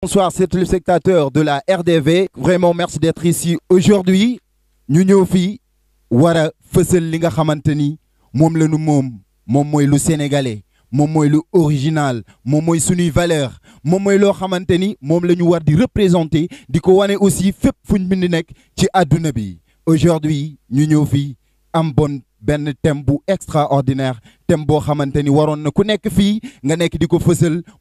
Bonsoir, c'est le spectateur de la RDV. Vraiment, merci d'être ici aujourd'hui. nous ñëw ici pour faire ce li nga xamante le sénégalais nous sommes original nous sommes les valeur Nous sommes représenter aussi aujourd'hui ñu ñëw bon extraordinaire Tembo boo xamante ni waroon na ku nga nek di ko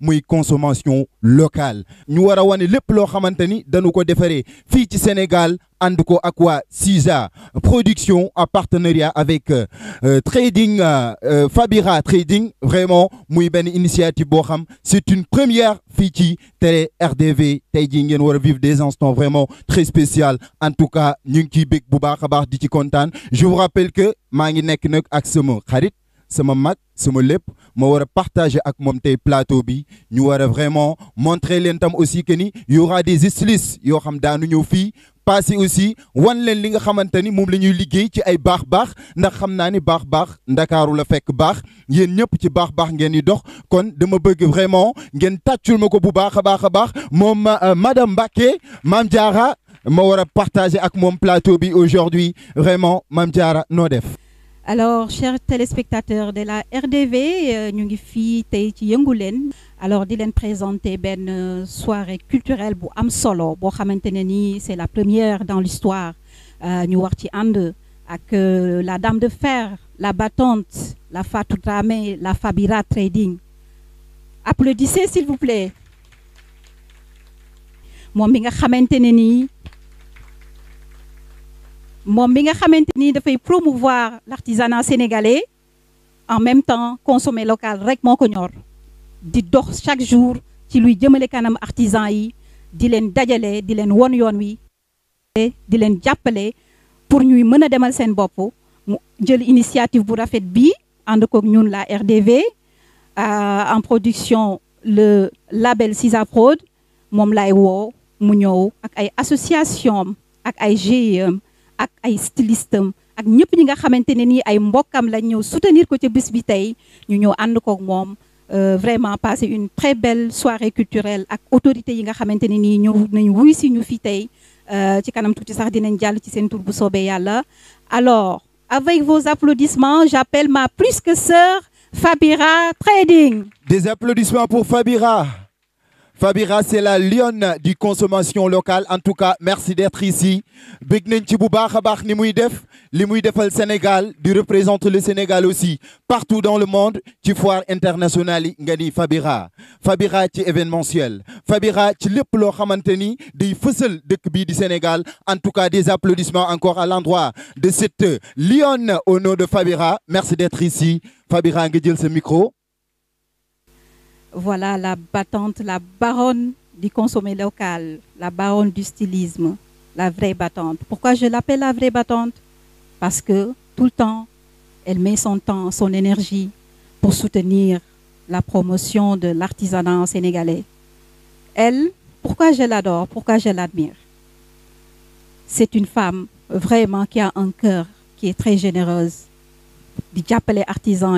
muy consommation locale ñu wara a wane lo xamanteni xamante dañu ko defaree fi ci Sénégal ànd ko ak waa Sisa production en partenariat avec euh, trading euh, euh, Fabira trading vraiment muy ben initiative bo xam c'est une première fi ci télé RDV tey jii ngeen vivre des instants vraiment très spécial en tout cas ñu ngi ciy bu baax baax di ci contane je vous rappelle que ma ngi nek nak ak sama xarit sama mag sama lépp ma war a partager ak moom tey plateau bi ñu war vraiment montrer leen tam aussi que ni y aura des stylistes yoo xam daanu ñëw fii passé aussi wan leen li nga xamante mom moom ñuy liggéey ci ay bax bax ndax xam naa ni baax baax ndakaaru la fekk bax yeen ñëpp ci bax bax ngeen di dox kon dama bëgg vraiment ngeen tatchul mako bu baaxa baaxa baax mom euh, madame Mbacké Mam diara ma wara partager ak mom plateau bi aujourd'hui vraiment Mam diara no def alors chers téléspectateurs de la RDV nous euh, ngi alors Dylan présente présenter euh, soirée culturelle pour Amsolo. solo c'est la première dans l'histoire euh, ñu wax ci la dame de fer la battante la Fatou la Fabira Trading applaudissez s'il vous plaît Moi, je moom mi nga xamante promouvoir l'artisanat sénégalais en même temps consommer local rek moo ko ñor di chaque jour ci luy jëmale kanam artisan yi di len il di len won yoon wi di len jàppale pour ñuy mëna démal sen bop mu jël initiative bu rafet bi ànd ko ñun la RDV euh, en production le label Sisa Prod moom lay wo mu ñow ak ay association ak ay GIE ak ay stylistam ak ñëpp ñi nga xamante ni ay mbokam la ñëw soutenir ko ci bis bi tay ñu ñëw ak mom euh, vraiment passer une très belle soirée culturelle ak autorité yi nga xamante ni nii ñëw nañu wuy si ñu fi euh, ci kanam tuuti sax dinañ jall ci seen tour bu soobee yalla alors avec vos applaudissements j'appelle ma plus que sœur Fabira Trading des applaudissements pour Fabira Fabira, c'est la lionne du consommation locale. En tout cas, merci d'être ici. Big Nenchi Boubachabar Nimouidef, Limouidef le Sénégal, du représente le Sénégal aussi. Partout dans le monde, tu foire international, Ngani Fabira. Fabira, tu événementiel. Fabira, tu le lo xamanteni du Fussel de bi du Sénégal. En tout cas, des applaudissements encore à l'endroit de cette lionne au nom de Fabira. Merci d'être ici. Fabira, Ngedil, ce micro voilà la battante, la baronne du consommé local, la baronne du stylisme, la vraie battante. Pourquoi je l'appelle la vraie battante Parce que tout le temps, elle met son temps, son énergie pour soutenir la promotion de l'artisanat sénégalais. Elle, pourquoi je l'adore, pourquoi je l'admire C'est une femme vraiment qui a un cœur qui est très généreuse. di l'appelle artisan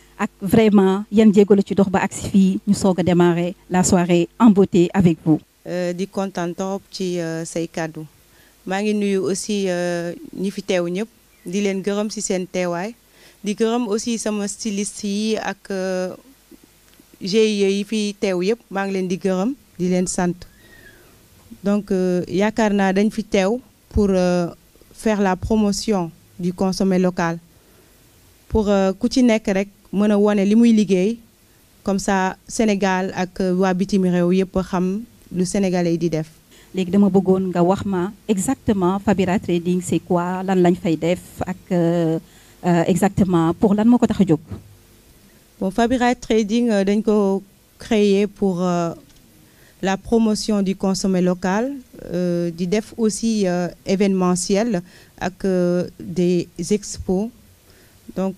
ak vraiment yan jéego la ci dox ba agsi fi ñu soga démarrer la soirée en beauté avec vous. Euh, di content top ci euh, say kàddu ma ngi nuyu aussi euh, ñi fi teew ñëpp di len gërëm ci sen teewaay di gërëm aussi sama styliste yi ak GIE yi fi tew yep ma ngi len di gërëm di len sante donc yakarna dañ fi tew pour faire la promotion du consommé local pour ku ci nek rek mën wane li comme ça Sénégal ak euh, waa bitim réew xam lu sénégalais di def. dama nga wax exactement Fabira Trading c'est quoi lan lañ fay def ak euh, euh, exactement pour lan Fabira Trading dañ créé pour la promotion du consommé local di def aussi événementiel ak des expos donc.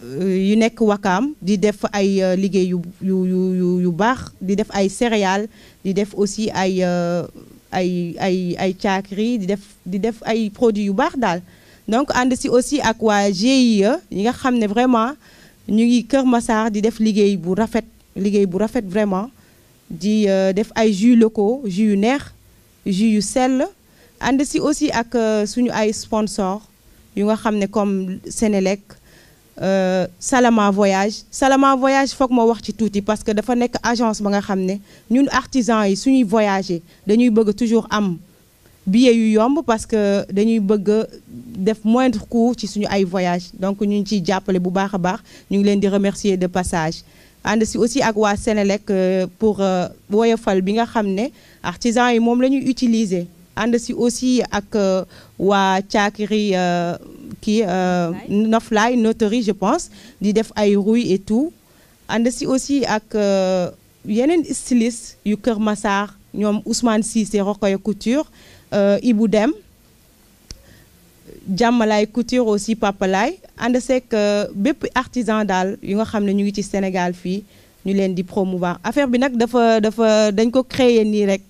Euh, yu nekk wakam, di def ay euh, liggéey yu yu yu def céréales di def aussi ay euh, def di def produits yu baax donc ànd aussi ak waa GIE vraiment Kër di def bu rafet vraiment di jus locaux jus yu jus yu aussi ak suñu sponsor yu nga comme Sénélec euh, Salama Voyage Salama Voyage faut que wax ci tout parce que dafa nek agence ba nga xam ñun artisans yi suñuy voyager dañuy bëgg toujours am billet yu yomb parce que dañuy bëgg def moindre coût ci suñu ay voyage donc ñu ci jappalé bu baaxa baax ñu ngi leen di remercier de passage ande si aussi ak wa Sénélec euh, pour euh, woyofal bi nga xamné artisans yi mom la utiliser ande si aussi ak wa Caakiri kii fly euh, noterie je pense di def ay rouille et tout ànd si aussi ak euh, yenen styliste yu keur Massar ñom Ousmane Cissé Rokoya Couture euh, Ibou Dem jamalay couture aussi papalaay c'est que bép artisan dal yu nga xam ñu ngi ci Sénégal fi ñu len di promouvoir affaire bi nak dafa dafa dañ ko créer ni rek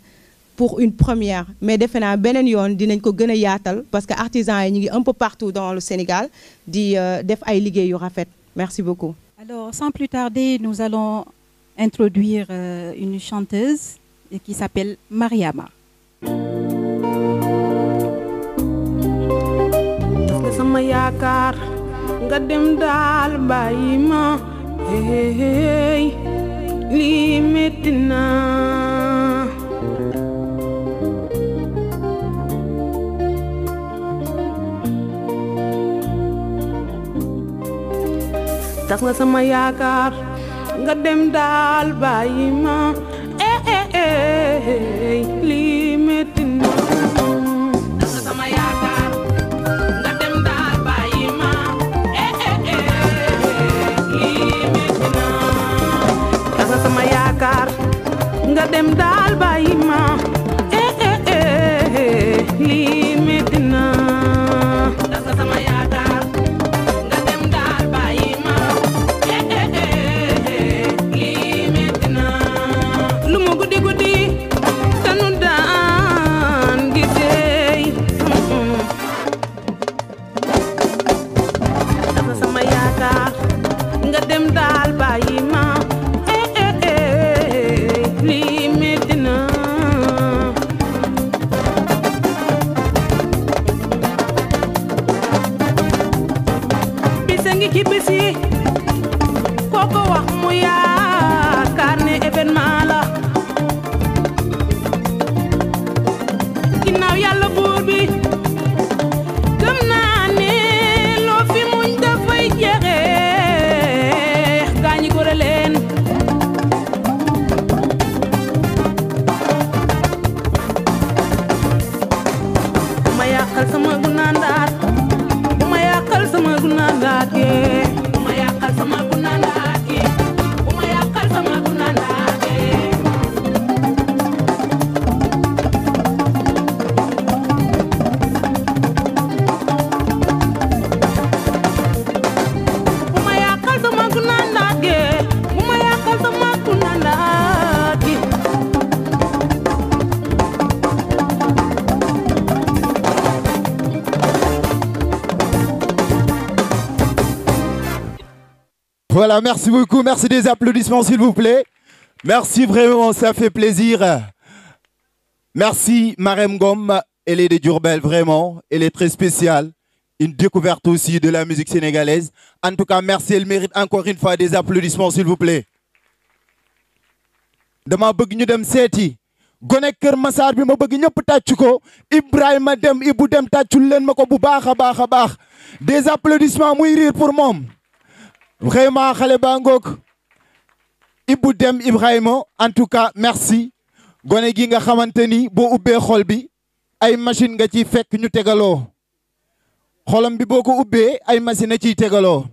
une première mais définitivement, naa ko parce que artisan un peu partout dans le Sénégal dit euh, def ay y aura fait merci beaucoup. alors sans plus tarder nous allons introduire euh, une chanteuse qui s'appelle Mariama. tas nga sama yaakar nga dem daal bàyyi ma eh lii metti na tas nga sama yaakaar nga dem daal bàyyi ma eh, eh, eh lii merci beaucoup. Merci des applaudissements, s'il vous plaît. Merci vraiment, ça fait plaisir. Merci Marem Gom, elle est de Durbel, vraiment. Elle est très spéciale. Une découverte aussi de la musique sénégalaise. En tout cas, merci. Elle mérite encore une fois des applaudissements, s'il vous plaît. dem ma bëgg ñëpp dem Ibou dem a des applaudissements pour moi Vraiment, xale baa ngoog Ibou en tout cas merci Goné gi nga xamante ni boo ubbee xol bi ay machine nga fait fekk ñu tegaloo xolam bi boko ko ay machine a ciy tegaloo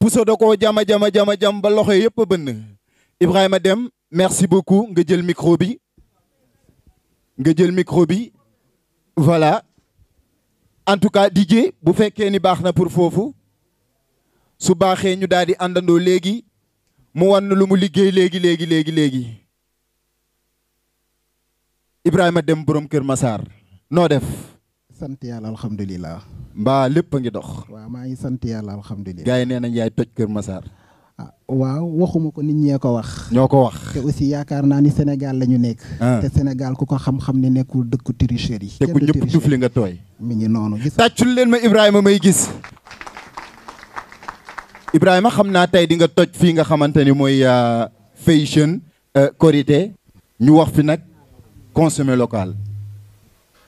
puso da koo jama jama jama jam ba yépp bënn Ibrahima Dème merci beaucoup nga jël micro bi nga jël micro bi voilà en tout cas DJ bu féké ni baxna pour vous. su baaxee ñu daal di àndandoo léegi mu wan lu mu liggéey léegi léegi léegi léegi Ibrahima Dem boroom Kër masaar noo def. sant yàlla alhamdulilah. mbaa lépp a ngi dox. waaw maa ngi sant yàlla alhamdulilah. gars yi nee nañ yaay toj Kër masaar ah waaw waxuma ko nit ñee ko wax. ñoo ko wax. te aussi yaakaar naa ni senegal lañu nekk. Ah. te senegal ku ko xam-xam ni nekkul dëkku tricherie yi. te ku ñëpp tufli nga tooy. mi ngi noonu tàccul leen ma Ibrahima may gis. Ibrahima xam naa tey di nga toj fii nga xamante ni mooy euh, fashion euh, Korité ñu wax fi nag consommer local.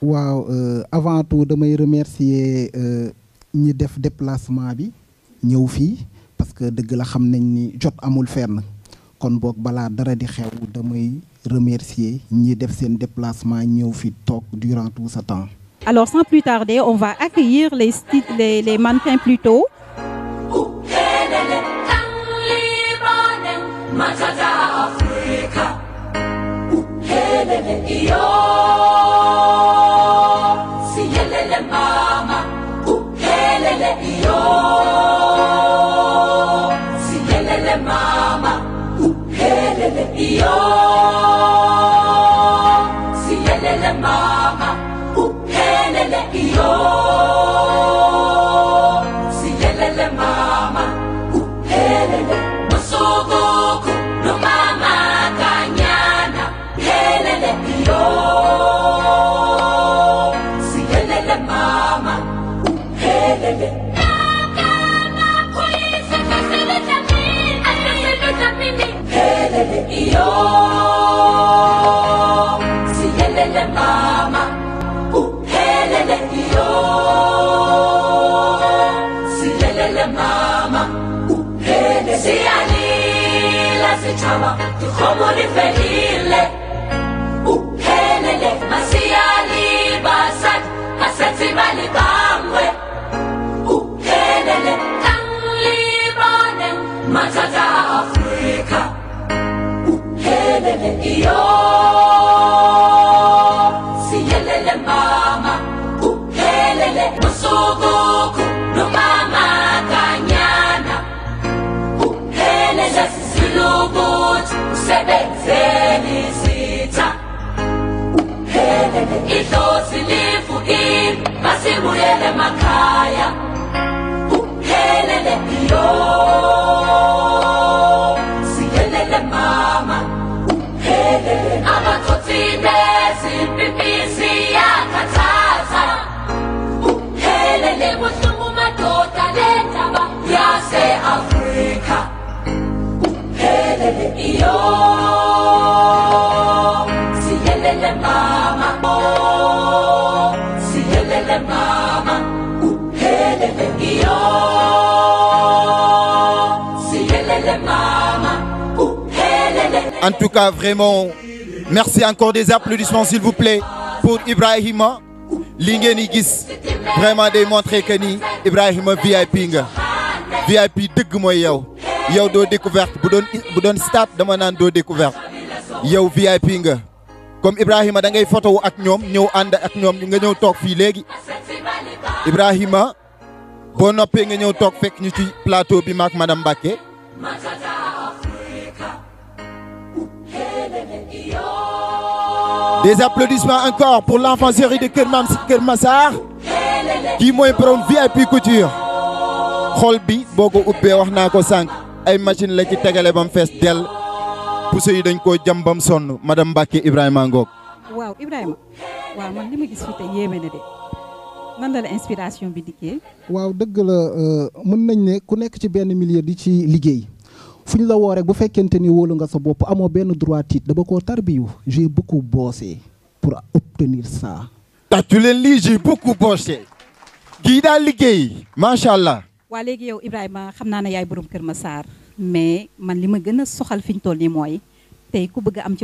euh, avant tout damay remercier euh, ñi def déplacement bi ñëw fii parce que dëgg la xam nañ ni jot amul fenn kon bok bala dara di xew damay remercier ñi def sen déplacement ñew fi tok durant tout ce temps. Alors sans plus tarder, on va accueillir les, les, les mannequins plus tôt. Oh, My time. amor e idlozi livukile masibuyele emakhaya uphelele iyo En tout cas, vraiment, merci encore des applaudissements, s'il vous plaît, pour Ibrahima. VIP. vraiment démontrer que ni Ibrahima VIP VIP deug moy yow. Yow découverte découverte. Comme Ibrahima photo ak ñom nous and ak ñom nga tok Ibrahima plateau madame Baké. Des applaudissements encore pour l'enfancerie de Kermassar kii mooy borom VIP couture xol bi boo ko ubbee wax naa ko sànq ay machine la ci tegale ba mu fees dell pousse yi dañ koo jam bam sonn madame Mbacke Ibrahim. Ngok. waaw Ibrahima waaw man li ma gis fii tey yéeme na de nan la la inspiration bi dikkee. waaw dëgg la euh, mën nañ ne ku nekk ci benn milieu di ci liggéey la woo rek bu fekkente ni wóolu nga sa bopp amoo benn droit titre j'ai beaucoup bossé pour obtenir ça. tu leen lii j'ai beaucoup bossé. kii daal liggéey allah. waa yow Ibrahima xam naa ne yaay borom mais man li ma soxal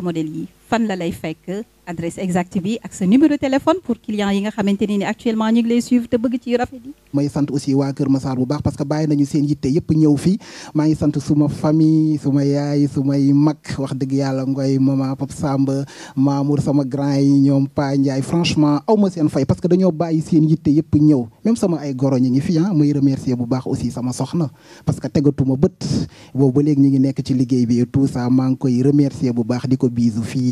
modèle fan la lay fekk adresse exacte bi ak sa numéro de téléphone pour client yi nga xamante ni actuellement ñu ngi lay suivre te bëgg ci rafet yi may sant aussi wa keur Massar bu baax parce que bàyyi nañu seen yitte yépp ñëw fi ma ngi sante suma famille suma yaay sumay mak wax dëgg yalla ngoy mama Pap Samba Mamour sama grand yi ñom Pa ñay franchement aw ma seen fay parce que dañoo bàyyi seen yitte yépp ñëw même sama ay goro ñi ngi fi ah muy remercier bu baax aussi sama soxna parce que tégatuma bëtt bo ba léegi ñi ngi nekk ci liggéey bi tout ça ma ngi koy remercier bu baax diko ko fi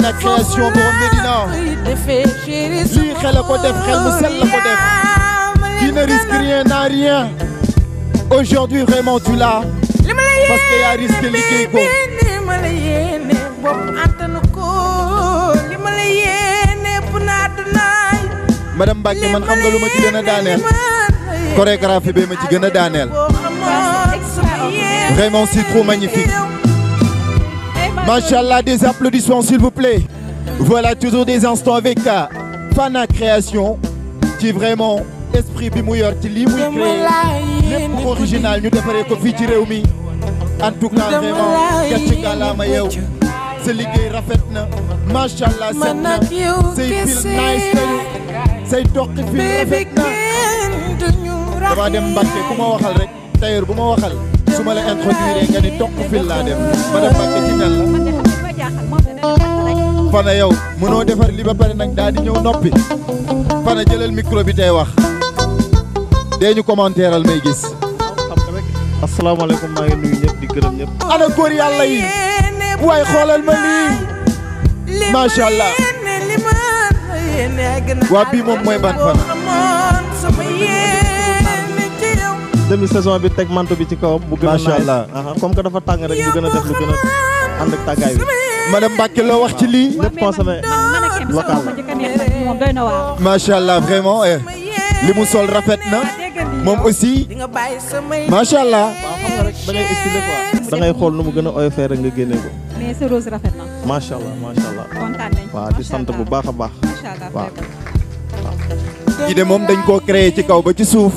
la création pour Medina il qui ne risque rien n'a rien aujourd'hui vraiment tu l'as parce qu'il a risqué madame man xam nga ci a chorégraphie bi ma ci vraiment c'est trop magnifique Machallah, des applaudissements s'il vous plaît. Voilà toujours des instants avec ta euh, Fana Création qui vraiment esprit bi qui yor créé original ñu ko en tout cas vraiment gàcce gàllaama yow C'est liggéey c'est na allah set na c'est fil nice c'est say toqi c'est rafet c'est dama dem Mbàkke ku waxal rek ma a introduire nga ni ma dem Mbacke mënoo defar li ba pare nag daal di ñëw noppi Fana jëlal micro bi tey wax dee ñu commentéeral may gis. asalaamaaleykum maa ngi yàlla yi waaye xoolal ma lii macha waa bii moom mooy ban Fana. demi saison bi teg manto bi ci kawam. bu gën a macha allah comme que tàng rek bu a def lu gën a ànd ak tàggaay bi. madame Mbacke lii. lépp consommé macha allah vraiment li mu sol rafet na moom aussi macha allah. waaw xam rek da ngay estimé quoi. da xool nu mu gën a oyofee rek nga génne ko. mais sa rose allah di sant bu baax a baax. macha allah de moom dañ koo créé ci kaw ba ci suuf.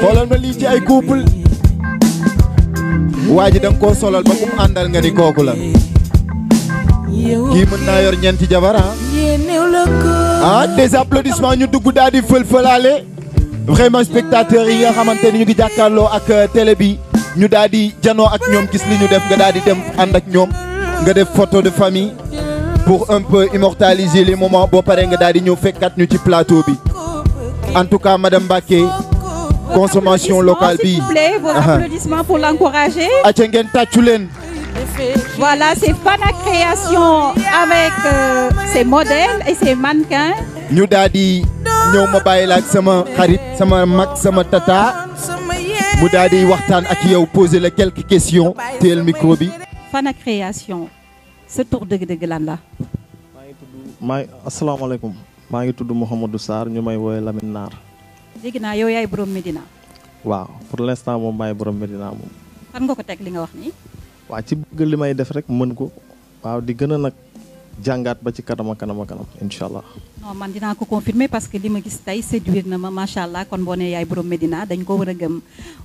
xoolal ma lii ci ay couple waa ji da nga koo solal ba ku àndal nga ni kooku la kii mën naa yor ñeenti jabar ah. ah des applaudissements ñu dugg daal di fël-fëlaale vraiment spectateurs yi nga xamante ni ñu di jàkkaarloo ak euh, télé bi ñu daal di janoo ak ñoom gis li ñu def nga daal di dem ànd ak ñoom nga def photo de famille pour un peu li les moments boo paree nga daal di ñëw fekkat ñu ci plateau bi en tout cas madame Mbacké consommation locale s'il vous plaît vos applaudissements pour l'encourager voilà c'est Fana Création avec euh, ses modèles et ses mannequins ñu daddy, new ñëw ma la sama xarit sama mag sama tata mu daal di waxtaan ak yow poser quelques questions tel micro bi Fana Création ce tour de dëgg la maa ngi tudd maa asalaamaaleykum maa ngi tudd Sarr ñu may woowe Lamine léegi naa yow yaay borom Medina. waaw pour l'instant moom maay borom Medina moom. fan nga ko teg li nga wax nii. waa ci bëgg li may def rek mën ko. waaw di gën a nag jàngaat ba ci kanam a kanam a allah. non man dinaa ko confirmer parce que li ma gis tey séduire na macha allah kon boo nee yaay borom dañ ko war a gëm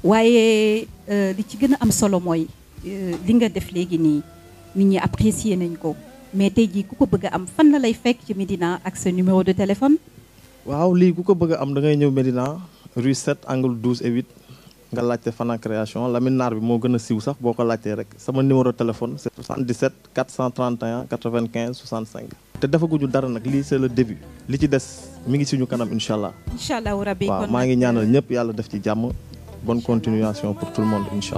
waaye euh, li ci gën a am solo mooy euh, li nga def léegi nii nit ñi apprécier nañ ko mais tey jii ku ko bëgg a am fan la lay fekk ci Medina ak sa numéro de téléphone. waaw lii ku ko bëgg am da ngay ñëw Médina rue 7 angle 12 et 8 nga laajte Fana création Lamine Naar bi moo gën a siiw sax boo ko rek sama numéro téléphone c'est 77 431 95 65. te defaguñu dara c'est le début li ci des mi ngi suñu kanam incha allah. incha allah rabbi ngi ñaanal euh, ñëpp ci bonne continuation pour tout le monde incha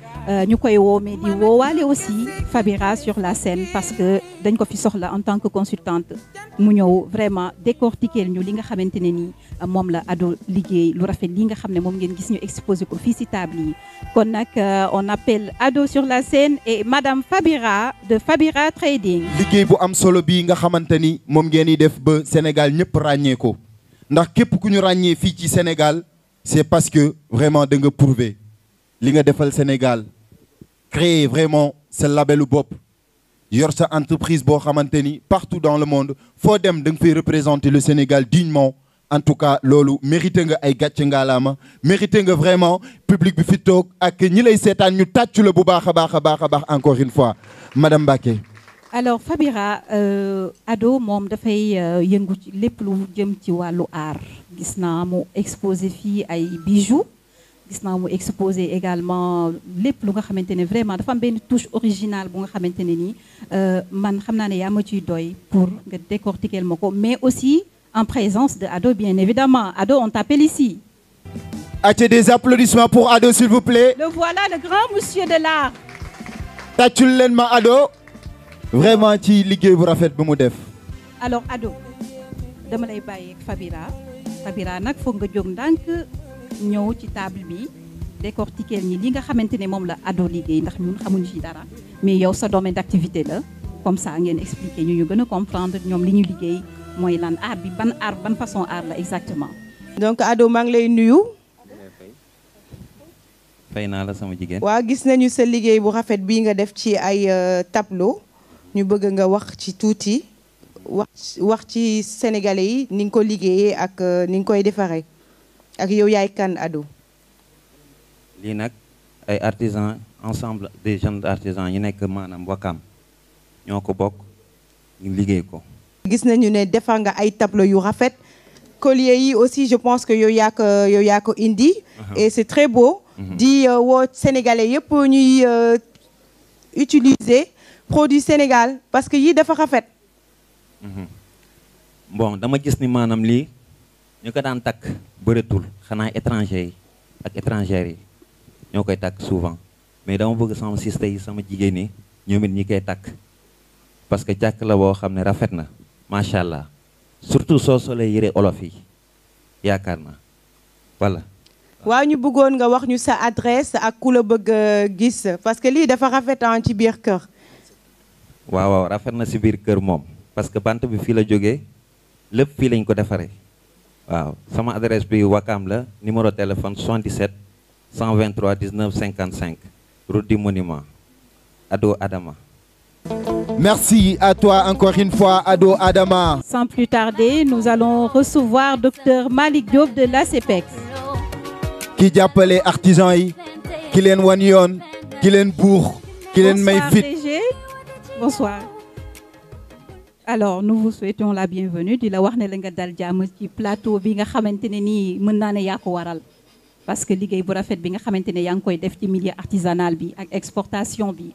Euh, ñu koy mais di woowaale aussi Fabira sur la scène parce que dañ ko fi soxla en tant que consultante mu ñëw vraiment décortiquer ñu li nga xamante ne nii la ado liguey lu rafet li nga xam mom ngeen gis ñu exposer ko fii table kon nak euh, on appelle ado sur la scène et madame Fabira de Fabira Trading. liguey bu am solo bi nga xamante mom ngeen di def ba Sénégal ñep ragné ko ndax kep ku ñu ragné fi ci Sénégal c'est parce que vraiment de nga prouver li nga defal Sénégal créer vraiment ce label bopp yor sa entreprise bo xamanteni partout dans le monde fo dem da représenter le Sénégal dignement en tout cas lolu mérité nga ay nga lama mérité nga vraiment public bi fi tok ak ñi lay sétane ñu tàccu le bu baax encore une fois madame Baké. alors Fabira euh, Ado da fay euh, yëngu ci lépp lu jëm ci walu art gis na mu exposer fi ay bijoux gis également lépp lu nga xamantene vraiment dafa am ben touche originale bu nga xamantene ni euh man xamna ne ma ci doy pour nga décortiquer mako mais aussi en présence de Ado bien évidemment Ado on t'appelle ici. Achetez des applaudissements pour Ado s'il vous plaît. Le voilà le grand monsieur de l'art. tàccul len ma Ado. vraiment ci liggéey bu rafet bu mu def. alors Ado dama lay bàyyi ak Fabira Fabira nak foog nga jóg dank ñëw ci table bi décortiquer ni li nga xamante ne moom la ado liggéey ndax ñun xamuñu ci dara mais yow sa domaine d'activité la comme ça ngeen expliquer ñu ñu gën a comprendre ñoom li ñu liggéey mooy lan art bi ban art ban façon art la exactement. donc ado maa ngi lay nuyu. fay naa la sama jigéen. waaw gis nañu sa liggéey bu rafet bii nga def ci ay euh, tableau ñu bëgg nga wax ci tuuti wax wax ci sénégalais yi ni nga ko liggéeyee ak euh, ni nga koy defaree ak yow yaay kan Ado y nak ay artisans ensemble des jeunes artisans yi nek manam Wakam ñoko Ils ñu liggéey ko gis nañu ne ay tableau yu rafet collier yi aussi je pense que yow ya yow indi et c'est très beau mhm. di euh, wo sénégalais yépp ñuy euh, utiliser produit Sénégal parce que yi dafa mhm. bon dama gis ni Li. ñu ko daan takk bëreetul xanaa étranger yi ak étrangère yi ñoo koy takk souvent mais dama bëgg sama siste yi sama jigéen ñi ñoom it ñi koy takk parce que jàkk la boo xam ne rafet na macha allah surtout soo solee yére olof yi yaakaar na voilà. waa ñu bëggoon nga wax ñu sa adresse ak ku la bëgg a euh, gis parce que lii dafa rafetan ci biir kër. waaw waaw rafet na si biir kër moom parce que bant bi fii la jóge lépp fii lañ ko defaree. ça sama adresse bi numéro de numéro téléphone 77 123 19 55 route du monument Ado Adama. Merci à toi encore une fois, Ado Adama. Sans plus tarder, nous allons recevoir Dr Malik Diop de l'ACPEX. qui' appelé artisan yi qui qui bonsoir alors nous vous souhaitons la bienvenue di la wax de la nga dal ci plateau bi nga xamante ne mën parce que ce bu rafet bi nga xamante ne yaa koy def milieu artisanal bi ak exportation bi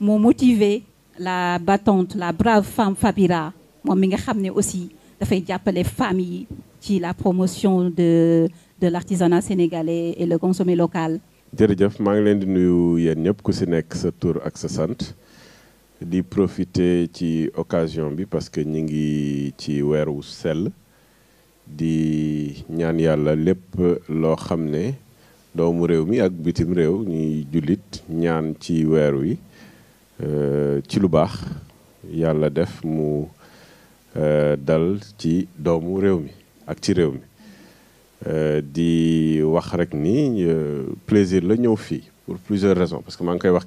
motivé la battante la brave femme Fabira Moi, mi nga aussi dafay faire les yi ci la promotion de de l'artisanat sénégalais et le consommé local jërëjëf maa ngi leen di nuyu yéen ñëpp ku si nekk sa tur ak sa di profiter ci occasion parce que ñi ngi ci wéru sel di ñaan yalla lepp lo xamné doomu ak bitim rew ñi julit ñaan ci wi euh, ci lu def mu euh, dal ci doomu ak ci euh, di plaisir la pour plusieurs raisons parce que vous ngi wax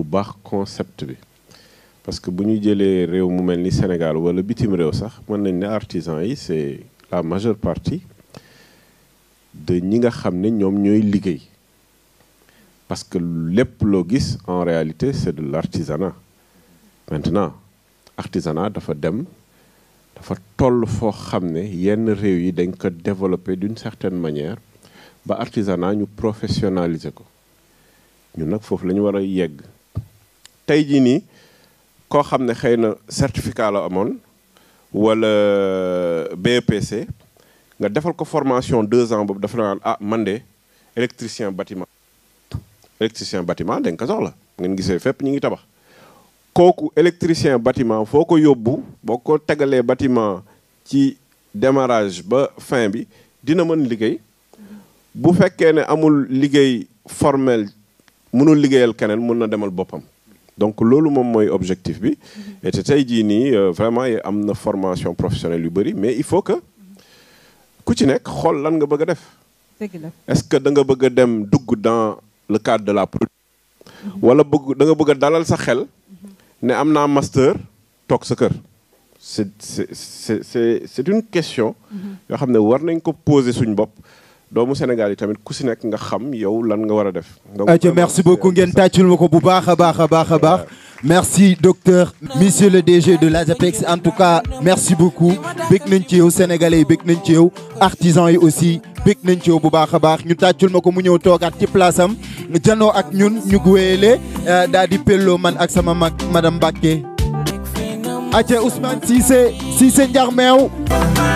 bu baax concept bi parce que bu ñu jëlee réew mu mel Sénégal wala bitim réew sax mën nañ ne artisan yi c'est la majeure partie de ñi nga xam ne ñoom ñooy liggéey parce que lépp loo gis en réalité c'est de l'artisanat maintenant artisanat dafa dem dafa toll foo xam ne yenn réew yi dañ ko développer d'une certaine manière ba artisanat ñu professionnaliser ko ñun nag foofu la ñu war a yegg tey jii nii koo xam ne certificat la amone wala euh, BPC e nga defal ko formation 2 ans bob dafa na naan ah man de électricien bâtiment électricien bâtiment den ko la ngeen gisse fépp ñi ngi tabax koku électricien bâtiment foko yobbu boko boo bâtiment ci démarrage ba fin bi dina mën liggéey bu fekkee ne amul liggéey formel mënul liggéeyal keneen mën na demal boppam donc c'est moom mooy objectif mhm. et euh, vraiment formation professionnelle mais il faut que ku ci est-ce que tu veux dans le cadre de la production Ou mhm. bëgg da nga bëgg mhm. ne master tok c'est c'est une question yo xamné war nañ ko poser suñ doomu Sénégal yi tamit ku si nekk nga xam yow lan nga wara def. donc merci beaucoup ngeen tatchul mako bu baax a baax a merci docteur monsieur le DG de l'ASAPEX en tout cas merci beaucoup bég nañ ci yow sénégalais yi bég nañ ci yow artisans yi aussi bég nañ ci yow bu baax a ñu tatchul mako mu ñëw togat ci place am janoo ak ñun ñu wéyale euh, daal di man ak sama mag madame Mbacké aca Ousmane Cissé Cissé njar meew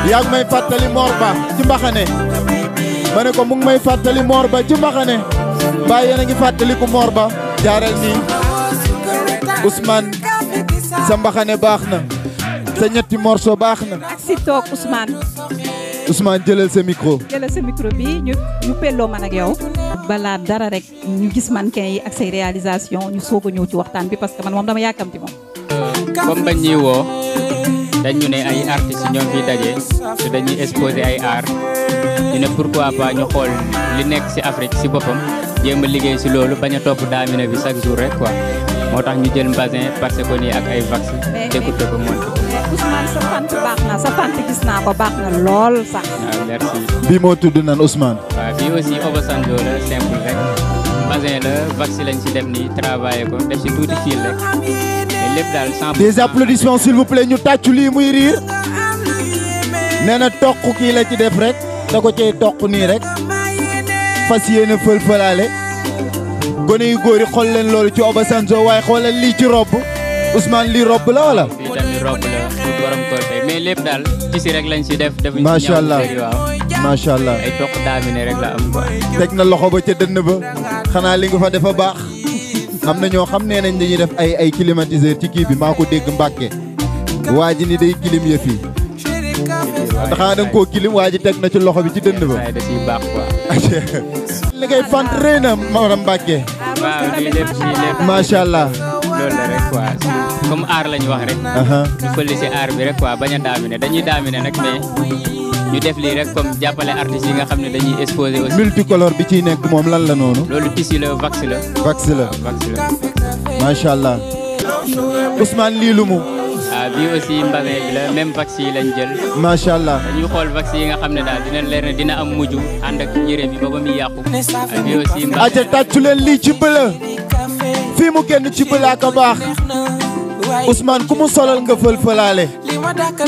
yaa ngi may fàttali Mor ci mbaxane ma ne ko mu ngi may fàttali moor ba ci mbaxane mbaa yéen a ngi fàttaliku moor ba jaaral nii Ousmane sa mbaxane baax na sa ñetti morso baax na ak si toog Ousmane Ousmane jëlal sa micro jëlal sa micro bi ñu ñu pelloo man ak yow balaa dara rek ñu gis mannequin yi ak say réalisation ñu soog a ñëw ci waxtaan bi parce que man moom dama yàkkamti moom comme dañ ñuy woo dañ ñu ne ay artistes ñoom fi daje te dañuy exposé ay art ñu ne pourquoi pas ñu xool li nekk ci Afrique ci boppam jéem liggéey ci loolu bañ a topp daamina bi chaque jour rek moo tax ñu jël mbasin parce que nii ak ay vax découpé ko moom. Ousmane sa fant baax na sa fant gis naa ko baax na lool sax. waaw ah, moo tudd nan Ousmane. waaw bii aussi Obasanjo la simple rek mbasin la vax lañ ci def ni travaillé ko def ci tuuti fil rek mais lépp daal. des applaudissements s'il vous plaît ñu tàccu lii muy riir nee toq kii la ci def rek. da ko cay toq nii rek fas yéene fël-fëlaale gone yu góor xol leen loolu ci Obasanjo waaye xoolal lii ci robb Ousmane lii robb la wala. lii mais lépp daal ci rek lañ si def. defuñ si ñaar macha allah ay toq daamine rek la teg na loxo ba ca dënn ba xanaa li nga fa dafa baax am na ñoo xam nee nañ dañuy def ay ay climatiseur ci kii bi maa ko dégg Mbàkke waa ji ni day clim yëf yi ndax da nga koo kilim waaye ji teg na ci loxo bi ci dënd ba. waaye da ciy na Maodo Mbacke. waaw lii macha allah. loolu la aar la ñu wax rek. ñu fëlli si aar bi rek quoi bañ a daamine dañuy daamine nag mais ñu def rek comme jàppale artistes yi nga xam ne dañuy exposé aussi. multicolore bi ciy nekk moom lan la noonu. loolu tissu la vax la. la waaw vax la. macha allah. Ousmane waaw ah, bii aussi mbasin la même vaccin yi xool vaccin yi nga xam ne daal dina leer dina am mujj ànd ak yére bi ba ba muy yàqu. Ah, aja tàccu lii ci bëla fii mu kenn ci bëla ka baax Ousmane ku mu solal nga fël-fëlaale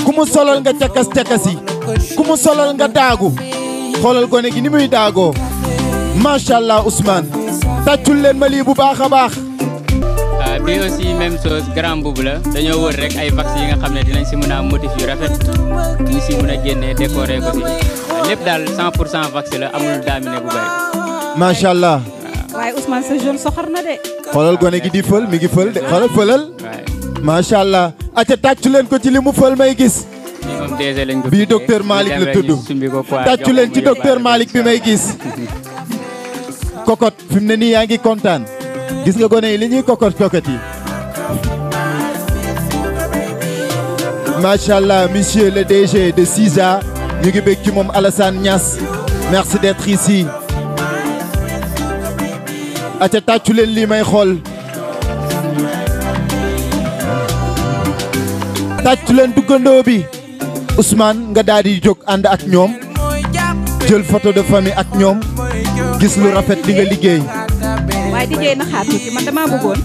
ku mu solal nga cakas-cakas yi ku mu solal nga daagu xoolal gone gi ni muy daagoo macha allah Ousmane ma lii bu baax a baax. bi aussi même chose grand boubou la dañoo wër rek ay vax yi nga xam ne dinañ si mën a motif yu rafet ñu si mën a génnee décorer ko si lépp daal 100 pour cent vax la amul daamine bu bëri. macha allah. waaye Ousmane sa jeune soxor na de. xoolal gone gi di fël mi ngi fël de xoolal fëlal. macha allah. acca tàccu leen ko ci li mu fël may gis. bii docteur Malick la tudd tàccu leen ci docteur Malick bi may gis. kokot fi mu ne nii yaa ngi kontaan. gis nga gone yi li ñuy kokot kokot yi monsieur le DG de CISA ñu ngi bég ci moom Alassane Niass merci d'être ici aca tàccu leen lii may xool tàccu leen duggandoo bi Ousmane nga daal di jóg ànd ak ñoom jël photo de famille ak ñoom gis lu rafet li nga liggéey waaye di na xaar tuuti man damaa bëggoon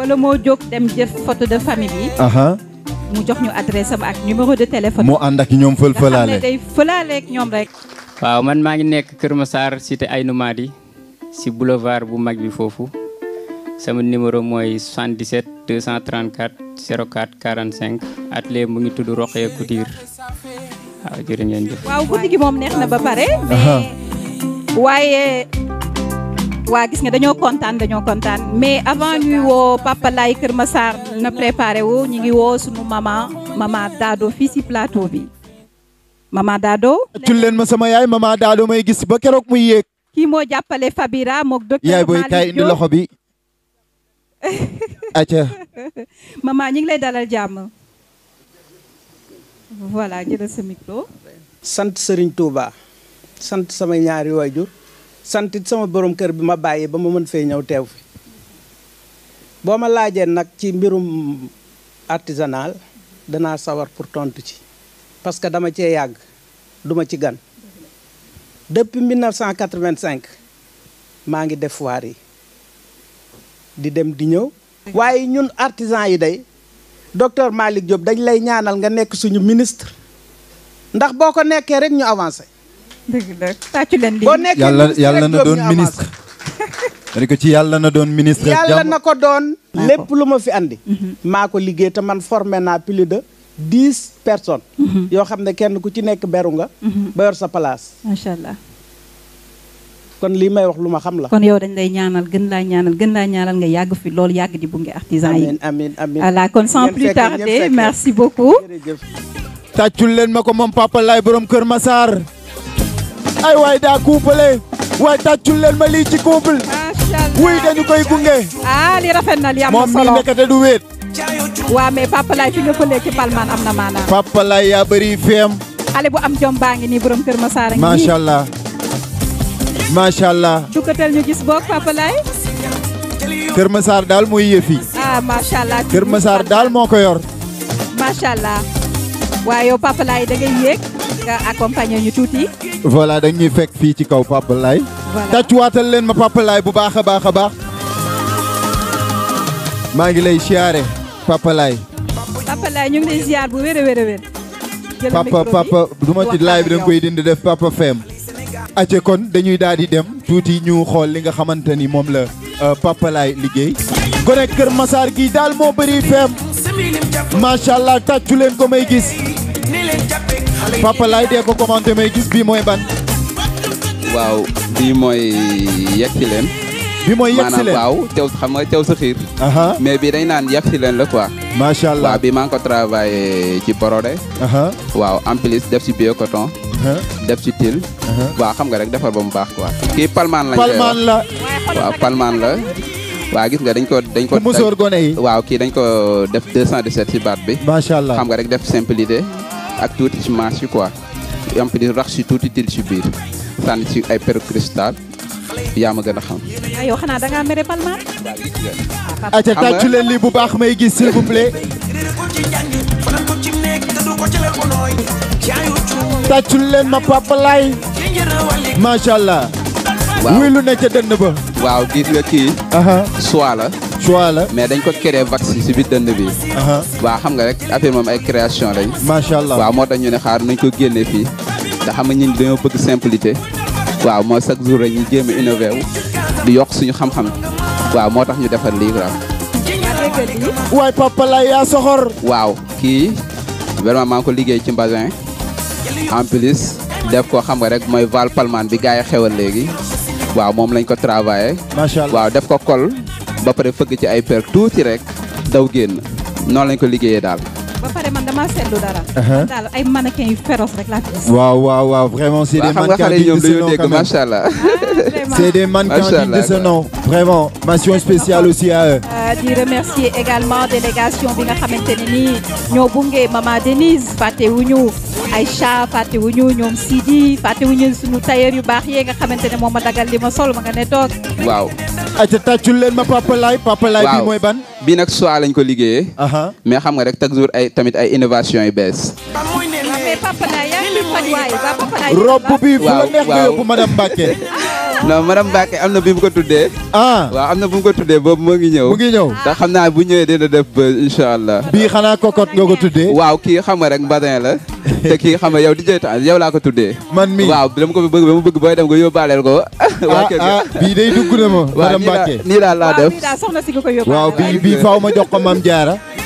bala moo jóg dem jëf photo de famille bi mu jox ñu adresse am ak numéro de téléphone mu ànd ak ñoom fël fëlaale day fëlaaleeg ñoom rek waaw man maa ngi nekk cité Aynou si boulevard bu mag bi foofu sama numéro mooy 77 234 04 45 atelier mu ngi tudd Roqee Couture waaw jërë jëf waaw guddi neex na ba mais waa gis nga dañoo kontaan dañoo kontaan mais avant ñuy woo Papa Laye Kër Massar na préparé wu ñu ngi woo sunu maman maman Dado fii si plateau bi maman Dado. tul ma sama yaay maman Dado may gis ba keroog muy yéeg. kii moo jàppale Fabira moog docteur yaay booy kaay indi loxo bi. acca. maman ñu ngi lay dalal jàmm. voilà jëlal sa micro. sant Serigne Touba. sant sama ñaari waajur santit sama borom kër bi ma bàyyi ba ma mën fee ñëw teew fi boo ma laajee nag ci mbirum artisanal danaa sawar pour tontu ci parce que dama cee yàgg duma ci gan depuis 1985 maa ngi def foire yi di dem di ñëw waaye ñun artisan yi day docteur Malick Diop dañ lay ñaanal nga nekk suñu ministre ndax boo ko nekkee rek ñu avancé dëgg la tàccu leen lii. boo nekkee ministre yàlla na doon ministre. dañ ko ci yàlla na doon ministre. yàlla na ko doon. lépp lu ma fi andi. Mhm. maa ko liggéey te man formé naa plus de dix personnes. Mhm. yoo xam ne kenn ku ci nekk beru nga. Mhm. ba yor sa place. macha allah. kon lii may wax lu ma xam la. kon yow dañ lay ñaanal gën laa ñaanal gën laa ñaanal nga yàgg fi loolu yàgg di bunge artisan yi. amiin kon sans plus tarder merci beaucoup. tàccul leen ma ko moom Papa Laye borom Kër Massar. ay waay daa couple waay tàccul leen ci couple wuy dañu koy gunge ah li rafet na li moom mii nekkate du wéet waa mais fi nga fëlee ci am na maanaam Papa Laye yaa bëri feem xale bu am jom ngi nii borom Kër ngi macha allah macha allah ñu gis boog Papa Laye daal mooy yëfi ah macha allah daal moo ko yor macha allah waaye yéeg nga accompagner ñu tuuti. voilà dañuy fekk fii ci kaw Papa Laye. voilà leen ma Papa bu baax a baax a baax. maa ngi lay siyaare Papa Laye. ñu ngi lay ziar bu wér a wér papa papa du ma ci laay bi da nga koy dindi def papa feem. ace kon dañuy daal di dem tuuti ñu xool li nga xamante ni moom la euh, Papa liggéey. gone Kër Massar gi daal moo bëri feem. macha allah leen ko may gis. Papa Laye dee ko commenté may gis bii mooy ban. waaw bii mooy yegg si leen. bi mooy yegg si leen xam nga teew sa xiir. mais bi day naan yegg si leen la quoi. macha allah waaw bi maa ngi ko travaillé ci borode. waaw en plus def si bio def ci til. waaw xam nga rek defar ba mu baax quoi. kii palmaan lañ koy wax palmaan la. waaw palmaan gis nga dañ ko dañ ko. musóor gone yi. waaw kii dañ ko def 217 si baat bi. macha allah xam nga rek def simplicité. ak tuuti si maas yi quoi yampi rax si tuuti til si biir sànni si ay per cristal yaa ma gën a xam. Ah, yow xanaa ah, lii bu baax may gis s'il vous plaît. ma papa lay. macha allah. lu ne ca dënn ba. waaw gis nga kii. soie la. choix la mais dañ ko créé vaccin si biir dënd bi waaw xam nga rek affaire moom ay création lañ macha allah waaw moo tax ñu ne xaar nañ ko génnee fii te xam nga ñun dañoo bëgg simplicité waaw moo chaque jour rek ñu jéem a innové wu di yokk suñu xam-xam waaw moo tax ñu defar lii quoi waay soxor waaw kii vraiment maa ngi ko liggéey ci mbasin en plus def ko xam nga rek mooy val palman bi gars yi xewal léegi waaw moom lañ ko travaillé macha allah waaw def ko kol ba paré fëgg ci ay per tuuti rek daw génn noonu lañ ko liggéeyee daal. ba pare man dama seetlu dara. daal ay mannequin yu féroce rek laa gis. waaw waaw waaw vraiment c'est des mannequins dignes de ce nom quand macha allah. Ah, c'est des mannequins de ce nom vraiment mention spéciale aussi à eux. Euh, di remercier également délégation bi nga xamante ne nii ñoo gunge mama Denise fàttewuñu. Aïcha fàtte wu ñu ñoom Sidi fàtte wu ñu suñu tailleur yu baax yee nga xamante ne moom ma dagal li ma sol ma nga ne toog. waaw. ayca tàccul leen ma Papa Laay bi mooy ban. bii nag soit lañ ko liggéeyee. mais xam nga rek chaque jour ay tamit ay innovation yu bees. Ah, mais Papa Laay bi fu la neex nga yóbbu madame Mbacké. non madame Mbacke am na bi mu ko tuddee. ah waaw am na bu mu ko tuddee boobu moo ngi ñëw. mu ngi ñëw te xam naa bu ñëwee dina def ba incha allah. bii xanaa kokot nga ko tuddee. waaw kii xam nga rek mbasin la. te kii xam nga yow di jëta yow laa ko tuddee. man mii waaw dama ko bëgg dama bëgg booy dem nga yóbbaaleel ko. ah ah, ah bii day dugg na ma. madame Mbacke nii daal nii daal laa def. waaw bii faaw ma jox ko Mame Diarra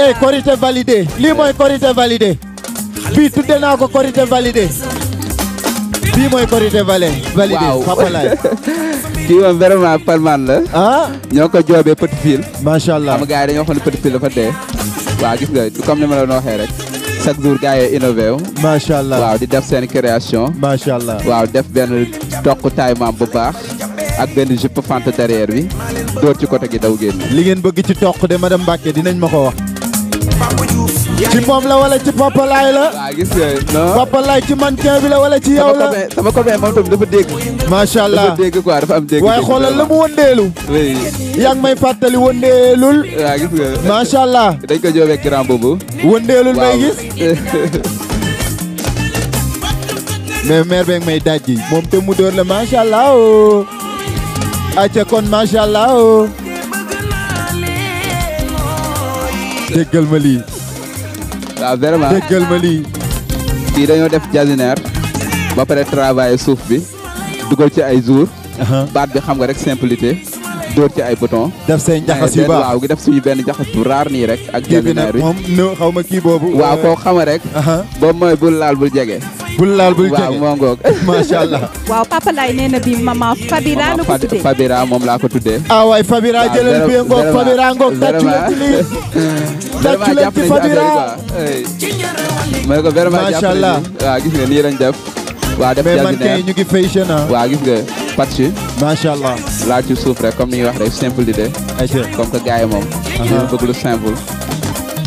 eh korité validé Li mooy korité validé Bi, tudde naa ko korité validé Bi mooy korité validé Papa Laye kii moom vraiment palman la ah ñoo ko joobee Petit Fil macha allah xam gars yi dañoo xam Petit Fil dafa dee Wa, gif nga comme ni ma la nooxee rek chaque jour gars yi innové wu macha allah waaw di def seen création macha allah waaw def benn toq taay maam bu baax ak benn jupe fente derrière bi dóor ci côté gi daw génn li ngeen bëgg ci toq de madame Mbacke dinañ ma ko wax ci moom la wala ci Papa la. waaw ci mannequin bi la wala ci yow la. sama copain moom tamit dafa dégg. macha allah dafa la mu wëndeelu. yaa ngi may fàttali wëndeelul. waaw gis may gis. mais mère beeg may daj ji moom te mu la macha oo. Oh. acca kon macha oo. Oh. deggal ma lii. waaw vraiment deggal ma lii. kii dañoo def jardinière. ba paré travailler souf bi. dugal ci ay jour baat bi xam nga rek simplicité. door ci ay bouton. def seen jaxas yu ba waaw gi def suñu benn jaxas bu rar ni rek. ak jardinière bi mom no xawma ki bobu waaw ko xama rek. bo moy bu laal bu jégué bul laal bul jóge waaw moo ngoog macha allah. waaw papa laay bi maman Fabira la ko tuddee Fabira moom laa ko tuddee. ah waay Fabira jëlal bi ngoog Fabira ngoog tàccu leen ci lii. tàccu leen gis nga nii def. waa def mais man kay ñu ngi fashion ah. waa gis nga patch. macha allah. laal ci suuf rek comme ni wax rek simple di de. comme que gars yi moom. ñu bëgg lu simple.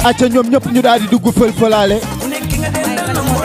acca ñoom ñëpp ñu daal di dugg fël fëlaale.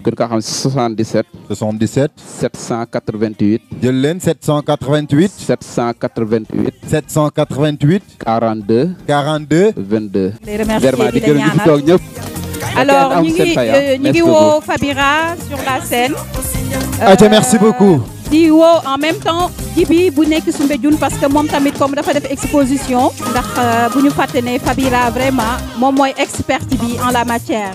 77. 77. 788. de 788. 788. 788. 42. 42. 22. alors ñu ngi euh, Fabira sur la scène. merci euh, beaucoup. di en même temps Gibi bu nekk Soumbédioune parce que mom tamit comme dafa def exposition. ndax euh, buñu Fabira vraiment mon moy expert bi en la matière.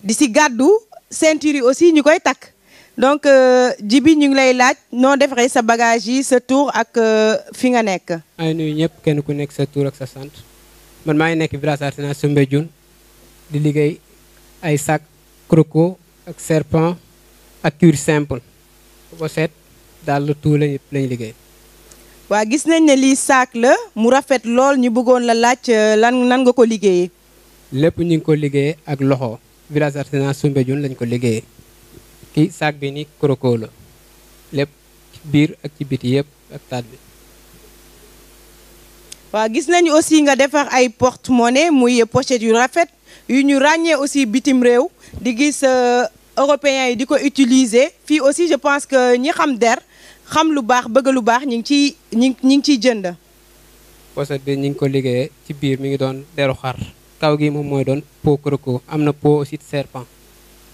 di si gàddu ceinture aussi ñu koy takk donc euh, jibi ñu ngi lay laaj noo defaree sa bagage yi sa tour ak euh, fi nga nekk. maa ngi nuyu ñëpp kenn ku nekk sa tour ak sa sant man maa ngi nekk village artisanal Soumbédioune di liggéey ay sac croco ak serpent ak cuir simple bu ko daal la tout lañu liggéey. waa gis nañ ne lii sac la mu rafet lool ñu bëggoon la laaj euh, lan nan nga ko liggéeyee. lépp ñu ngi ko liggéeyee ak loxo. village artisanal Soumbédioune lañ ko liggéeyee ki saak bi ni croco lépp biir ak ci biti yëpp ak taat bi waaw gis nañu aussi nga defar ay porte monnaie muy pochette yu rafet yu ñu ràññee aussi bitim réew di gis euh, européens yi di ko utiliser fii aussi je pense que ñi xam der xam lu baax bëgg lu baax ñi ngi ciy ñi ñi ngi ciy jënd pochette bi ñi ngi ko liggéeyee ci biir mi ngi doon deru xar kaw gi moom mooy doon pot croco am na pot aussi serpent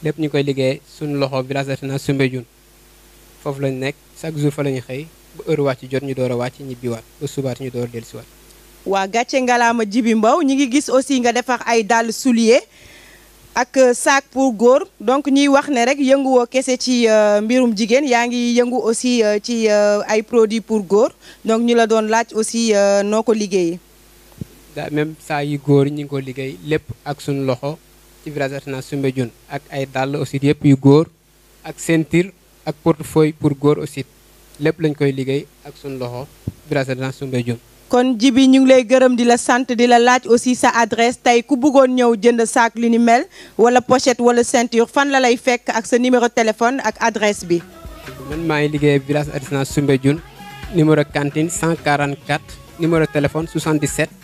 lépp ñu koy liggéey suñu loxo village artisanal Soumbédioune foofu lañ nekk chaque jour fa la ñu xëy ba heure ci jot ñu door a wàcc ñibbiwaat ba subaat ñu door a dellusiwaat. waa gàcce ngalaama Jibi Mbow ñi ngi gis aussi nga defar ay dàll soulier ak euh, saak pour góor donc ñuy wax ne rek yënguwoo kese ci euh, mbirum jigéen yaa ngi yëngu aussi euh, ci ay produits pour góor donc ñu la doon laaj aussi noo ko liggéeyee. même saa yu góor ñu ngi ko liggéey lépp ak suñu loxo ci village artisanal Soumbédioune ak ay dal aussi yëpp yu góor ak ceinture ak portefeuille pour góor aussi lepp lañ koy liggéey ak suñu loxo village artisanal Soumbédioune kon jibi ñu ngi lay gërëm di la sant di la laaj aussi sa adresse tay ku bëggoon ñëw jënd sac li ni mel wala pochette wala ceinture fan la lay fekk ak sa numéro téléphone ak adresse bi man maa ngi liggéey village artisanal Soumbédioune numéro cantine 144 numéro téléphone 77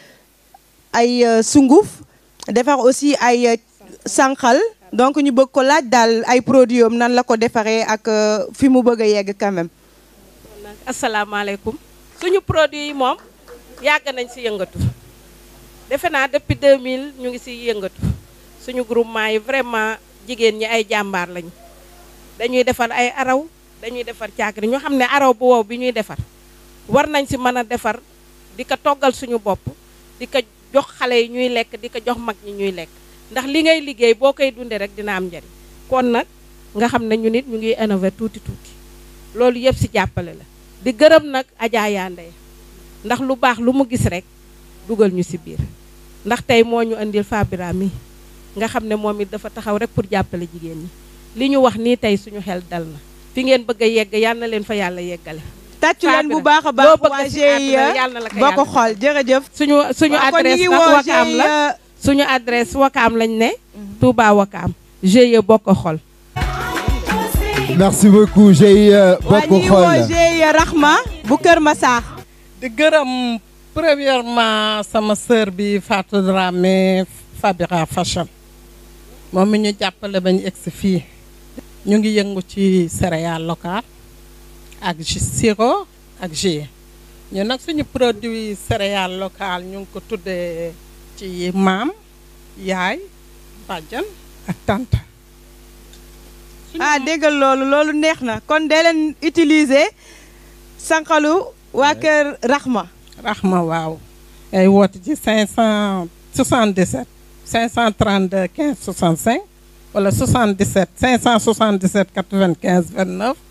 ay euh, sunguf defar aussi ay euh, sànqal donc ñu bëgg ko laaj dal ay produit nan la ko defaree ak euh, fi mu bëgg yegg quand même alaykum suñu produit yi yang yàgg nañ ci yëngatu defe naa depuis 2000 ñu ngi ci yëngatu suñu groupement yi vraiment jigen ñi ay jambar lañ dañuy defar ay araw dañuy defar caakri ñu xamné araw bu wow bi ñuy defar war nañ si mëna defar di ko suñu bop di jox xale yi ñuy lekk di ko jox mag ñi ñuy lekk ndax li ngay liggéey boo koy dundee rek dina am njariñ kon nag nga xam ne ñu nit ñu ngi innover tuuti tuuti loolu yëpp si jàppale la di gërëm nag Adja Yandeye ndax lu baax lu mu gis rek dugal ñu si biir ndax tey moo ñu indil Fabira yi nga xam ne moom it dafa taxaw rek pour jàppale jigéen ñi li ñu wax nii tey suñu xel dal na fi ngeen bëgg a yegg yal na leen fa yàlla yeggale tàccu bu baax a baax waa GIE boo ko xool jërëjëf suñu suñu adresse wakaam la suñu adresse wakaam lañ ne mhm. Touba wakaam GIE boo ko xool merci beaucoup GIE boo ko xool waa GIE Rahma bu Kër Massar di gërëm premièrement sama sœur bi Fatou Dramé Fabira Fashion moom mi ñu jàppale bañ egsi fii ñu ngi yëngu ci céréales locales ak sirop ak jus ñun nak suñu produit produits local ñu ko les ci maam yaay bàjjan ak tante ah déggal lolu lolu neexna kon dee utiliser sankalu waa Rahma Rahma waaw ay woote ci 577 532 1565 65 wala 77 577 95 29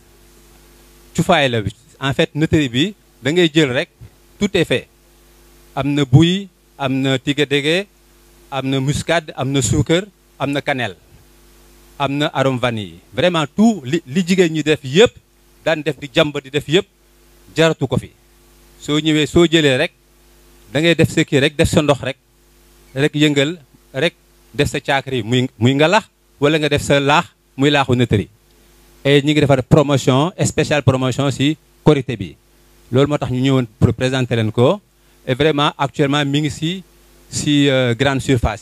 Tu fais bi en fait notre bi da ngay jël rek tout est fait Amne na amne am na amne muscade amne sucre, amne cannelle amne arôme vanille vraiment tout li li jigéen ñi def yëpp daan def di jàmba di def yëpp jaratu ko fi soo ñëwee soo jëlee rek da ngay def sa kii rek def sa ndox rek rek yëngal rek def sa caakri muy muy nga wala nga def sa laax muy laaxu et avons fait une promotion spéciale promotion aussi Corité bi C'est ce que ñu ñëwoon pour présenter et vraiment actuellement nous si euh, grande surface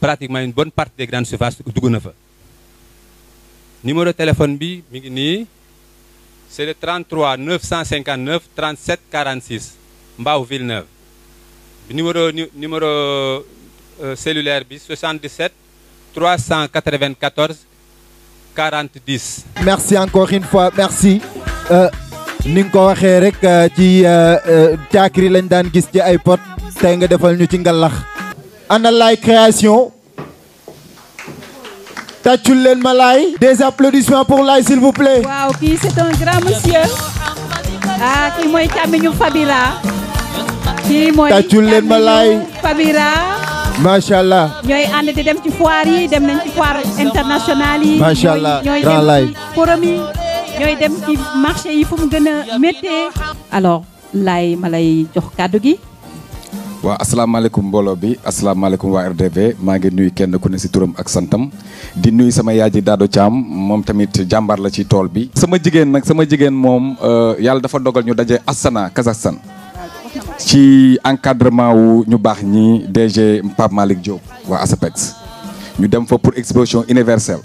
pratiquement une bonne partie des grandes surfaces Le fa. numéro téléphone c'est le 33 959 37 46 Mbao Villeneuve numéro numéro euh, cellulaire bi 77 394. 40 merci encore une fois merci. Euh, ni nga ko waxee rek euh, ci euh, caakiri lañ daan gis ci ay pot tey nga defal ñu ci ngalax ana laay création tàccul leen ma des applaudissements pour laay s'il vous plaît waaw kii c'est un grand monsieur ah kii mooy càmmiñu Fabira kii mooy tàccul leen ma Fabira macha allah. ñooy ànd di dem ci foire yi dem nañ ci foire internationale yi. macha allah grand live yi ñooy dem ci marché yi fu mu gën a laay ma jox kàddu gi. waaw asalaamaaleykum mbooloo bi asalaamaaleykum waa RDV maa ngi nuy kenn ku ne si turam ak santam di nuyu sama yaay ji Daado Thiam moom tamit jàmbaar la ci tool bi. sama jigéen nag sama jigéen moom euh, yàlla dafa dogal ñu daje Astana Kazakhstan. ci encadrement wu ñu bax ñi DG Pape Malick Diop wa ASAPEX ñu dem fa pour exposition universelle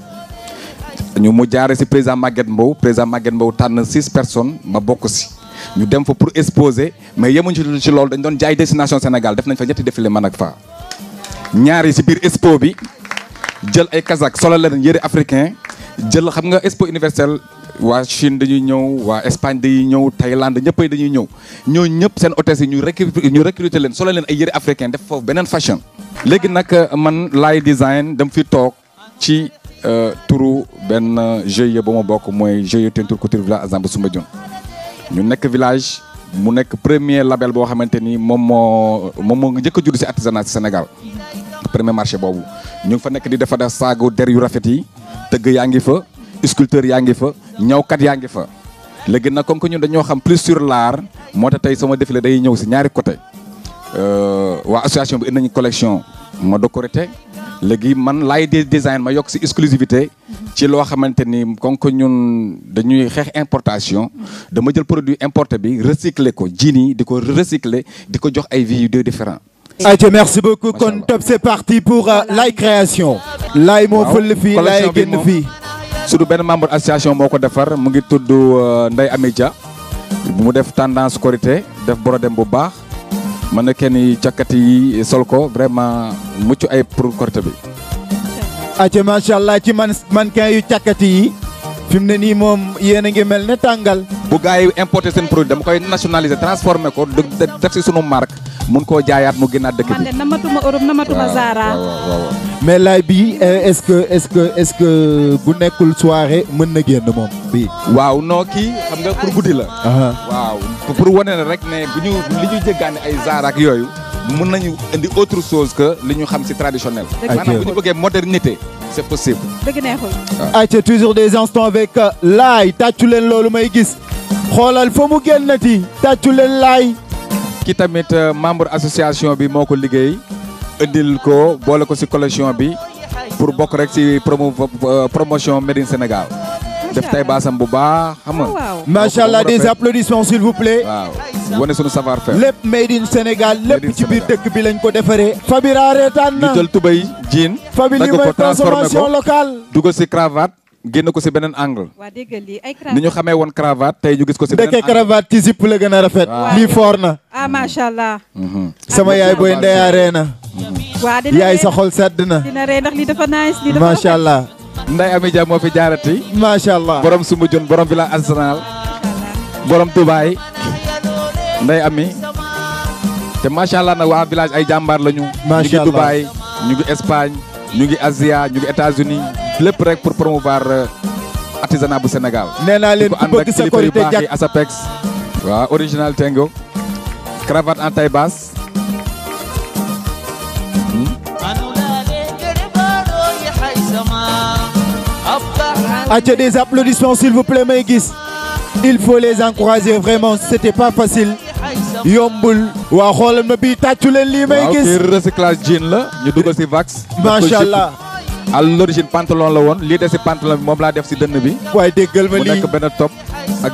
ñu mu jaaré ci président Maguette Mbow président Maguette Mbow tan six personnes ma bokk ci ñu dem fa pour exposer mais yemuñu ci ci lool dañ doon jaay destination Sénégal def nañ fa ñetti défilé man ak fa ñaari ci biir expo bi jël ay kazak solo leen yëre africain jël xam nga expo universelle waa Chine dañuy ñëw waa Espagne dañuy ñëw Thaïlande ñëppay dañuy ñëw ñëw ñëpp seen hôtesse yi ñu recruter ñu recruter leen solo leen ay yëre africain def foofu beneen fashion. léegi nag euh, man laay design dem fi toog ci euh, turu benn euh, GIE ba ma bokk mooy GIE Teinture Couture Village Ensemble Soumbédioune ñu nekk village mu nekk premier label boo xamante ni moom moo moom moo njëkk a judd si artisanat si Sénégal premier marché boobu ñu fa nekk di dafa def saagu der yu rafet yi tëgg yaa ngi fa. sculpteur yaa fa ñawkat yaa ngi fa le nag comme que ñun dañu xam plus sur l'art mota tay sama défilé day ñëw ci ñaari côté euh, wa association bi indi nañu collection ma décorété léegi man lay des design ma yok ci exclusivité ci lo xamanteni ni comme que ñun dañuy xeex importation dama jël produit importé bi recycler ko jini diko recycler diko jox ay vie de différents ayca merci beaucoup kon top c'est parti pour euh, la Création. Laye moo fël fii Laye génn fii. suñu benn membre association moo ko defar mu ngi tudd euh, Ndeye Amy Dia mu def tendance korité def brodem bu baax mën na kenn càkkat yi sol ko vraiment mucc ay pour korité bi. acca macha allah ci man mannequin yu càkkat yi. fi mu ne nii moom yéen a ngi mel ne tàngal. bu gars yi importé seen produit dama koy nationaliser transformé ko def si sunu marque mun koo jaayaat mu gënaat dëkk bi. man de namatuma Europe namatuma Zara. mais laay bii eh, est-ce que est-ce que est-ce que bu nekkul soirée mën na génn moom bii. waaw noo kii xam nga pour guddi la. waaw pour wane ne rek ne bu ñu li ñu jéggaane ay Zara ak yooyu. mën nañu indi autre chose que li xam ci traditionnel. maanaam bu modernité c'est possible. dëgg neexul. Ah. toujours des instants avec euh, laay tàccu leen may gis xoolal ki tamit euh, membre association bi moo ko liggéey ko boole ko pour bokk rek euh, promotion Made Sénégal. def tay baasam bu baax xam oh, allah des applaudissements s'il vous plaît. waaw wane sunu savoir faire. lépp made in Sénégal lépp ci biir dëkk bi lañ ko defaree. Fabira reetaan na ñu jël tubay jean. Fabi li mooy consommation locale dugal si cravate. génn ko si beneen angle. waa dégg nga ñu xamee woon cravate tey ñu gis ko si beneen angle. dëkk cravate ci zip la gën rafet. lii foor na. Ah, allah. Mhm. sama ah, yaay booy ndeyaaree na. yaay sa xol sedd na. dina macha allah. Ndeye Amy Dia moo fi jaarati. macha allah borom Soumbédioune borom villa arsenal borom Dubaay Ndeye Amy te macha allah nag waa village ay jàmbaar lañu. ñu ngi Dubaay ñu ngi Espagne ñu ngi Asia ñu ngi États-Unis lépp rek pour promouvoir euh, artisanat bu Sénégal. nee naa leen ku bëgg sa Asapex. waaw original Tengo cravate en taille Achetez des applaudissements s'il vous plaît, Maïgis. Il faut les encourager vraiment, c'était pas facile. yombul warhol xoolal ma bii tàccu leen lii may recyclage jean là, ñu dugal si vax Machallah. à l'origine pantalon la woon lii c'est si pantalon bi la laa def si dënn bi Ouais, déggal ma ben top ak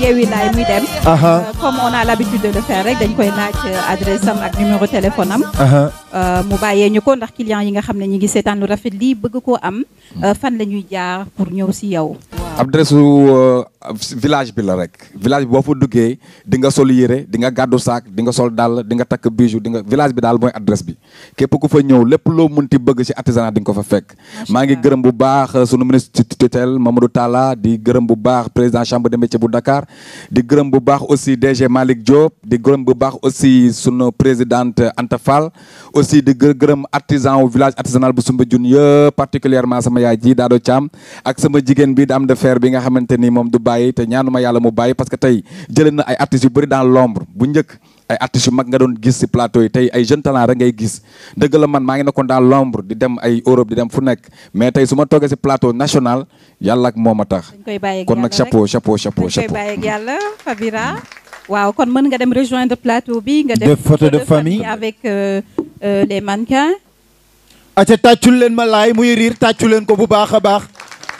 Yewwi Laay muy dem. Euh, comme on a l'habitude de le faire rek dañ koy naaj euh, adresse am ak numéro téléphone am. Euh, mu bàyyee ñu ko ndax client yi nga xam ne ñu ngi seetaan lu rafet lii bëgg koo am. Mm. fan la ñuy jaar pour ñëw si yow. adresse euh, village bi la rek village bi boo fa duggee di nga sol yére di nga gàddu saak di nga sol dàll di nga takk bijou di nga village bi daal mooy adresse bi képp ku fa ñëw lépp loo ti bëgg ci artisanat di nga ko fa fekk maa ngi gërëm bu baax euh, sunu ministre tutelle Mamadou Talla di gërëm bu baax président chambre de ci bu Dakar di gërëm bu baax aussi DG Malick Diop di gërëm bu baax aussi sunu président Anta Fall aussi di gërëm artisan village artisanal bu Soumbédioune yëpp particulièrement sama yaay ji Dado Thiam ak concert bi nga xamante ni moom du bàyyi te ñaanuma yàlla mu bàyyi parce que tey jëlee ay artistes yu bëri l'ombre bu njëkk ay artistes mag nga doon gis si plateau yi tey ay jeune talent rek ngay ay Europe di ma toogee a tax kon nga dem rejoindre plateau bi nga photo de famille avec euh, euh, les mannequins a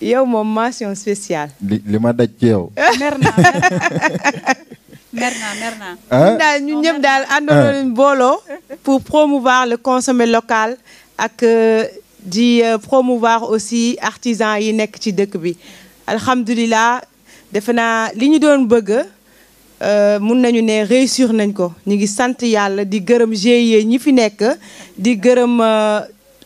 yow moom mention spéciale. li li ma daj ci yow. mer naa mer naa mer naa. Hein? ñun daal ñun ñëpp daal àndoon hein? nañu pour promouvoir le consommé local ak euh, di euh, promouvoir aussi artisan yi nekk ci dëkk bi alhamdulilah defe naa li ñu doon bëgg. Euh, mun nañu ne réussir nañ ko ñu ngi sant yàlla di gërëm GIE ñi fi nekk di gërëm.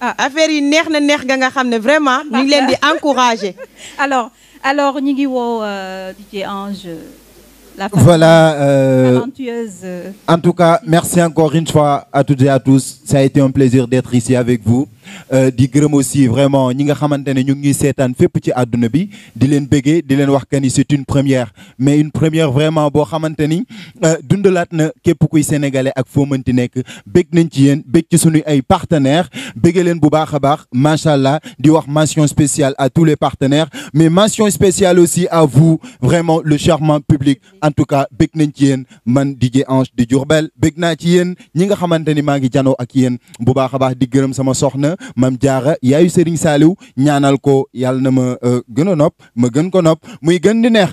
ah affaire yi neex na neex ga nga vraiment Nous ngi di encourager alors alors nous ngi woo euh, DJ Ange voilà. Euh, en tout cas, merci encore une fois à toutes et à tous. Ça a été un plaisir d'être ici avec vous. Euh, di gërëm aussi vraiment ñi nga xamante ne ñu ngi seetaan fépp ci àdduna bi di leen bëggee di leen wax que c'est une première mais une première vraiment Bo xamante ni euh, dundalaat na képp kuy sénégalais ak foo mënti nekk bëgg nañ ci yéen bëgg ci suñu ay partenaires bëggee leen bu baax baax macha di wax mention spéciale à tous les partenaires mais mention spéciale aussi à vous vraiment le charmant public. en tout cas bég nañ ci yéen man DJ Ange di Diourbel bég naa ci yéen ñi nga xamante ni maa ngi janoo ak yéen bu baax a baax di gërëm sama soxna mam jaara yaayu Serigne Saliou ñaanal ko yàlla na ma euh, gën a nopp ma gën ko nopp muy gën di neex